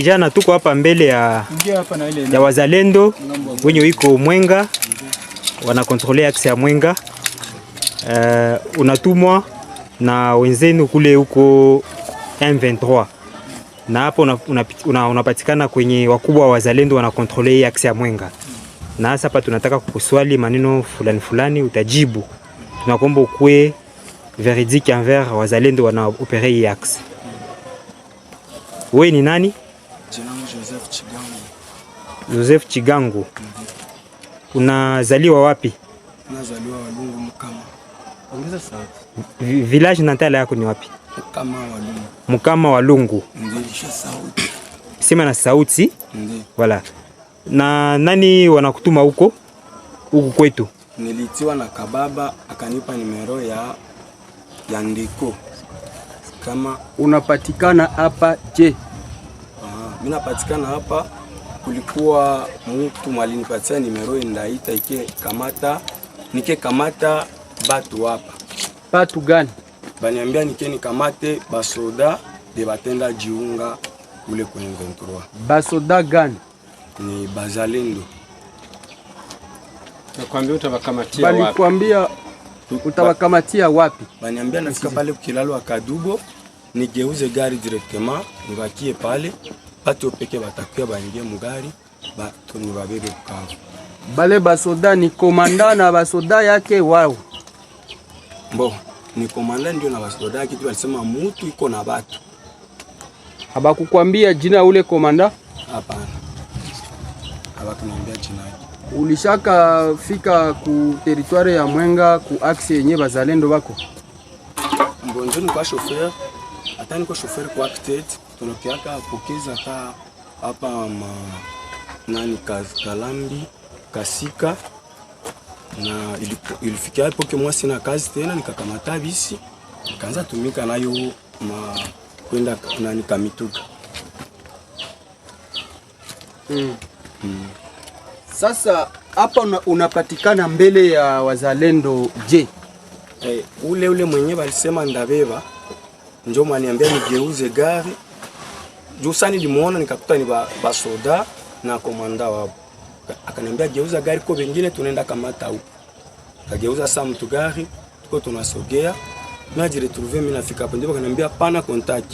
Kijana, tuko hapa mbele ya, ya wazalendo wenye wiko Mwenga wanakontrole axe ya Mwenga. Uh, unatumwa na wenzenu kule huko M23 na hapo unapatikana una, una kwenye wakubwa wa wazalendo wanakontrole axe ya Mwenga, na hasa hapa tunataka kukuswali maneno fulani fulani, utajibu. Tunakuomba ukue veridique envers wazalendo wana opere axe. Wewe ni nani? Joseph Chigangu, unazaliwa wapi? Unazaliwa Walungu Mkama. Ongeza sauti. Village natala yako ni wapi? Mkama Walungu. Mkama Walungu. Sema na sauti. Ndiyo. Wala. Na nani wanakutuma huko huku kwetu? Nilitiwa na kababa akanipa nimero ya ya ndiko kama unapatikana hapa je? Ah, mimi napatikana hapa kulikuwa mutu alinipatia nimero ndaita ike kamata nike kamata batu hapa. Batu gani? Baniambia nike nikamate basoda de batenda jiunga kule kwenye 23. Basoda gani? Ni bazalendo. Nakwambia utabakamatia wapi? Balikwambia utabakamatia wapi? Baniambia nafika pale kukilalo akadubo nigeuze gari directement nivakie pale bato peke batakuya baingie mugari batumwe babebe Bukavu. Bale basoda ni komanda na basoda yake wao mbo ni komanda ndio na basoda yake, tu alisema mutu iko na batu. Habakukwambia jina ule komanda? Hapana, habakuniambia jina yake. Ulishaka fika ku teritware ya Mwenga ku axe yenye bazalendo bako mbonjoni kwa shofeur hata niko shoferi kwa Actate tunakiaka pokeza ta hapa nani Kalambi Kasika, na ilifikia hapo kemwa sina kazi tena, nikakamata bisi nikaanza tumika nayo ma kwenda nani Kamituga. Hmm. Hmm. Sasa hapa unapatikana mbele ya wazalendo je? Hey, eh, ule ule mwenye walisema ndabeba Njoo maniambia nigeuze gari juu sana, nilimuona nikakuta ni basoda na komanda wao, akaniambia geuza gari kwa wengine, tunaenda kamata huko. Kageuza saa mtu gari, tuko tunasogea na jire turuve, mimi nafika hapo, ndipo kaniambia pana contact,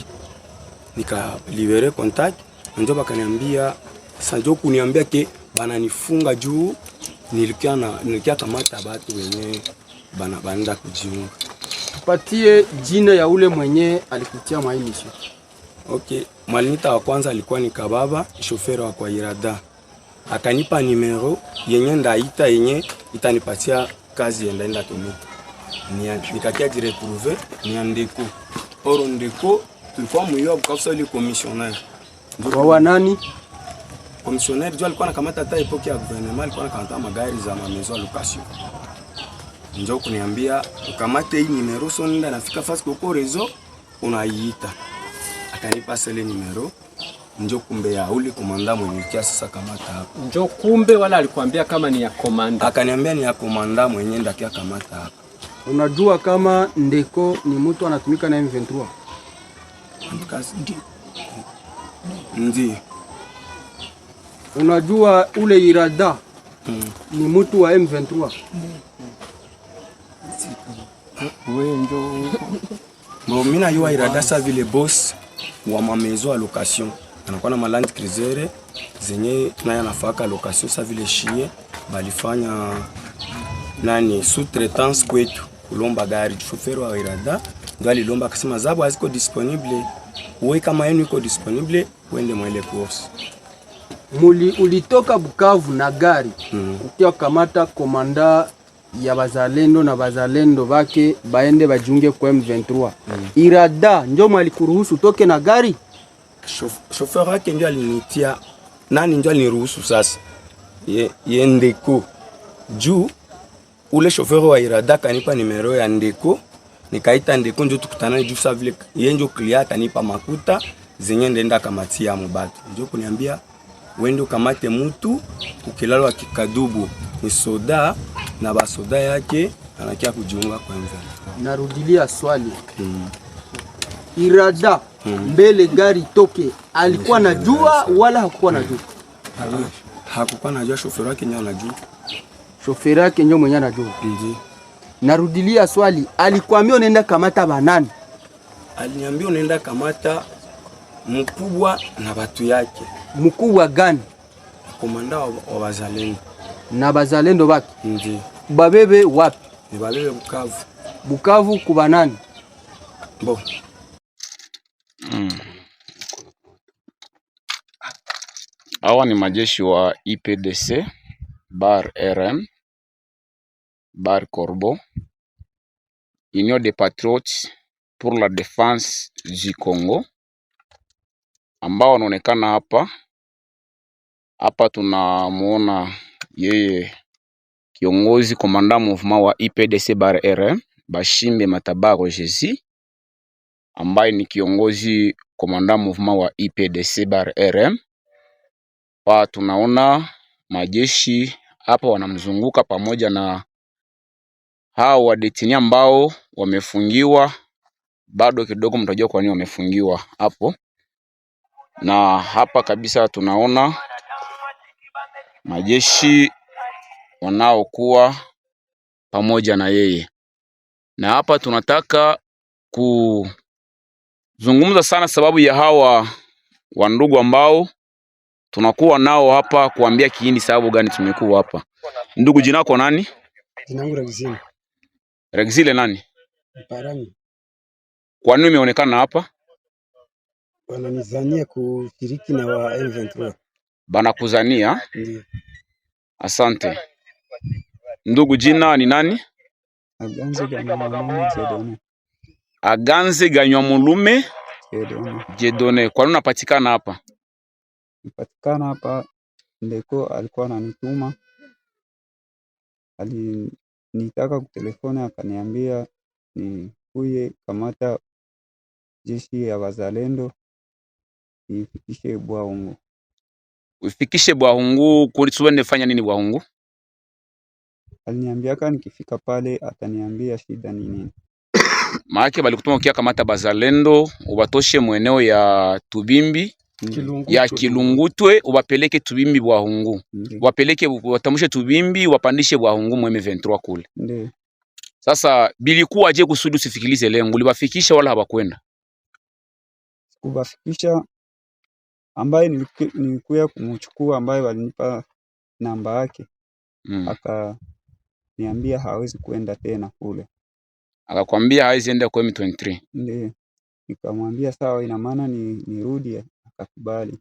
nika libere contact, ndio bakaniambia sanjo njoo kuniambia ke bana bananifunga juu nilikia na nilikia kamata batu wenyewe bana banda kujiunga tupatie jina ya ule mwenye alikutia mwa hii Okay, mwalimita wa kwanza alikuwa ni Kababa, shoferi wa kwa Irada. Akanipa nimero yenye ndaita yenye itanipatia kazi endaenda tumika. Nikakia jiretrouve ni andeko. Oro ndeko tulikuwa muyo kabisa ile commissionaire. Wa wa nani? Commissionaire alikuwa anakamata hata epoke ya gouvernement alikuwa anakamata magari za mamezo location njoo kuniambia ukamate hii nimero, so nenda nafika fasi koko rezo unaiita. Akanipa sele nimero, njoo kumbe ya uli kumanda mwenye kia sasa kamata hapo. Njoo kumbe wala alikuambia kama ni ya komanda? Akaniambia ni ya komanda mwenye nda kia kamata hapo. Unajua kama ndeko ni mtu anatumika na M23? Ndi. Unajua ule irada hmm, ni mtu wa M23? Ndi bro, mimi nayuwaira dasa vile boss wa mamezo a location anakuwa na maland cruiser zenye naye anafaka location sa vile shie balifanya nani sous-traitance kwetu kulomba gari shofero wa irada ndo alilomba akasema, zabu haziko disponible, uwe kama yenu iko disponible uende mwele course. Muli ulitoka Bukavu na gari mm. ukiwa kamata komanda ya bazalendo na bazalendo bake baende bajiunge kwa M23. Mm. Irada ndio malikuruhusu toke na gari shofer wake ndio alinitia nani ndio aliniruhusu sasa ye, ye ndeko juu ule shofer wa Irada kanipa nimero ya ndeko nikaita ndeko njo tukutana juu sa vile ye njo klia kanipa makuta zenye ndenda kamatia mubatu njo kuniambia wende ukamate mutu ukilalwa kikadubu ni soda na basoda yake anakia kujiunga kwa Narudilia swali hmm. Irada hmm. mbele gari toke alikuwa na jua wala hakukuwa hmm. na jua? Hakukuwa na jua, shoferi yake ndio anajua. Shoferi yake ndio mwenye anajua. Narudilia swali, alikwambia unaenda kamata banani? Aliniambia unaenda kamata mkubwa na watu yake. Mkubwa gani? Komanda wa wazalendo na bazalendo baki Ndi. Mhm. babebe wapi? Babebe Bukavu. Bukavu kuba nani? Bo. Mm. Hawa ni majeshi wa IPDC bar RM bar Corbo Union des Patriotes pour la défense du Congo ambao wanaonekana hapa hapa, tunamuona yeye kiongozi komanda mouvement wa IPDC bar R Bashimbe Matabaro Jesus ambaye ni kiongozi komanda mouvement wa IPDC bar R Pa tunaona majeshi hapa wanamzunguka pamoja na hao wadetini ambao wamefungiwa, bado kidogo mtajua kwa nini wamefungiwa hapo. Na hapa kabisa tunaona majeshi wanaokuwa pamoja na yeye. Na hapa tunataka kuzungumza sana sababu ya hawa wa ndugu ambao tunakuwa nao hapa, kuambia kiini sababu gani tumekuwa hapa. Ndugu, jina lako nani? Jina langu Regzile nani? Parani. Kwa nini umeonekana hapa? Wananizania kushiriki na wa M23 banakuzania. Asante ndugu. Jina ni nani? Aganze Ganywa Mulume Jedone. Kwa nini unapatikana hapa? Napatikana hapa, ndeko alikuwa ananituma, alinitaka kutelefone, akaniambia nikuye kamata jeshi ya wazalendo nifikishe Bwaungu. Ufikishe Bwahungu kusuwe nefanya nini Bwahungu? Aliniambiaka nikifika pale ataniambia shida ni nini. Maake balikutuma ukia kamata bazalendo ubatoshe mweneo ya Tubimbi Kilungutu. ya Kilungutwe ubapeleke Tubimbi Bwahungu ubapeleke watamushe Tubimbi wapandishe Bwahungu mweme 23 kule. Ndiyo. Sasa bilikuwa je kusudi usifikilize lengo, uliwafikisha wala hawakwenda? Sikubafikisha ambaye nilikuya kumchukua ambaye walinipa namba yake mm. Akaniambia hawezi kwenda tena kule, akakwambia hawezi enda kwa M23? Ndiyo, nikamwambia sawa, ina maana ni nirudi. Akakubali.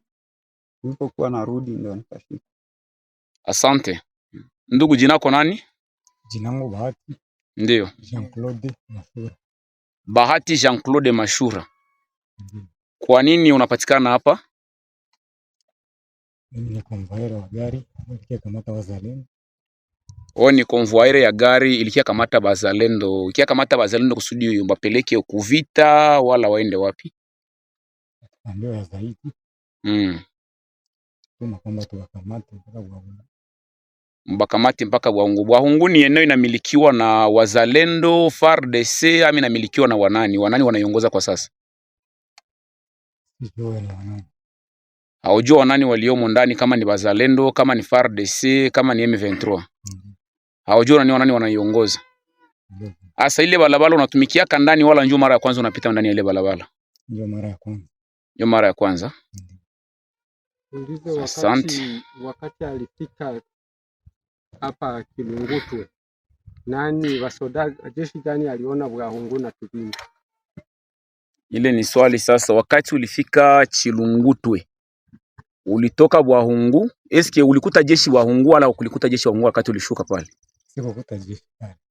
Nilipokuwa narudi ndio nikafika Asante ndugu, jinako nani? Jinangu Bahati. Ndiyo, Jean Claude Mashura. Bahati Jean Claude Mashura. Kwa nini unapatikana hapa? ni konvoire wa gari ilikia kamata wazalendo. Oh, ni konvoire ya gari ilikia kamata bazalendo, ikia kamata bazalendo kusudi bapeleke kuvita wala waende wapi? Ambayo ya zaidi mm. Tuma kwamba tuwakamate mpaka Bwahungu, mbakamate mpaka Bwahungu. Bwahungu ni eneo inamilikiwa na wazalendo FARDC, ami inamilikiwa na wanani? Wanani wanaiongoza kwa sasa? Sijui wale wanani haujua wanani waliomo ndani, kama ni Bazalendo, kama ni FARDC, kama ni M23, mhm. haujua ni wanani wanaiongoza. Mhm. Asa ile balabala unatumikiaka ndani, wala njoo mara ya kwanza unapita ndani ya ile balabala, njoo mara ya kwanza, njoo mara ya kwanza. Asante. Wakati alifika hapa Kilungutwe, nani wasoda jeshi gani aliona Bwahungu na Tubinga? Ile ni swali sasa. Wakati ulifika Chilungutwe Ulitoka Bwahungu, eske ulikuta jeshi Bwahungu wala kulikuta jeshi Bwahungu wakati ulishuka pale? Sikukuta jeshi.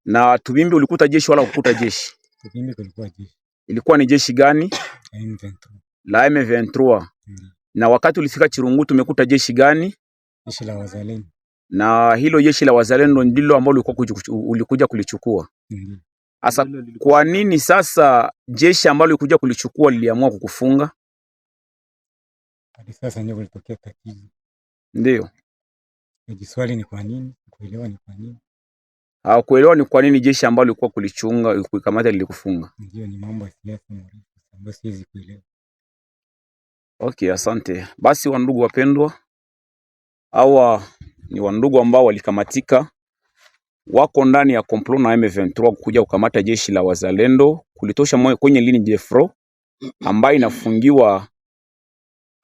Na Tubimbi ulikuta jeshi wala ukukuta jeshi? Tubimbi kulikuwa jeshi. Ilikuwa ni jeshi gani? M23. La M23. Hmm. Na wakati ulifika Chirungu tumekuta jeshi gani? Jeshi la Wazalendo. Na hilo jeshi la Wazalendo ndilo ambalo ulikuwa ulikuja kulichukua. Hmm. Asa, kwa nini sasa jeshi ambalo ulikuja kulichukua liliamua kukufunga? Hadi sasa ndio kulitokea tatizo. Ndio swali ni kwa nini, kuelewa ni kwa nini, au kuelewa ni kwa nini jeshi ambalo lilikuwa kulichunga kuikamata lilikufunga. Ndio ni mambo ya siasa ambayo siwezi kuelewa. Okay, asante. Basi wandugu wapendwa, hawa ni wandugu ambao walikamatika wako ndani ya complot na M23 kuja kukamata jeshi la wazalendo kulitosha moyo kwenye lini Jeffro ambayo inafungiwa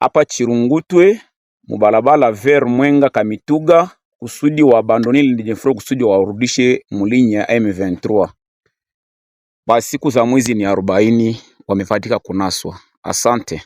hapa Chirungutwe mubalabala ver Mwenga Kamituga kusudi wa abandonile Dejefro kusudi wa mulinyi ya M23. siku za mwizi ni arobaini wamefatika kunaswa. Asante.